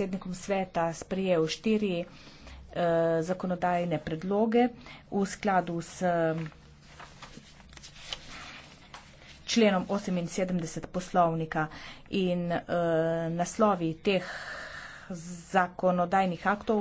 predsednikom sveta sprejel štiri eh, zakonodajne predloge v skladu s členom 78 poslovnika in eh, naslovi teh zakonodajnih aktov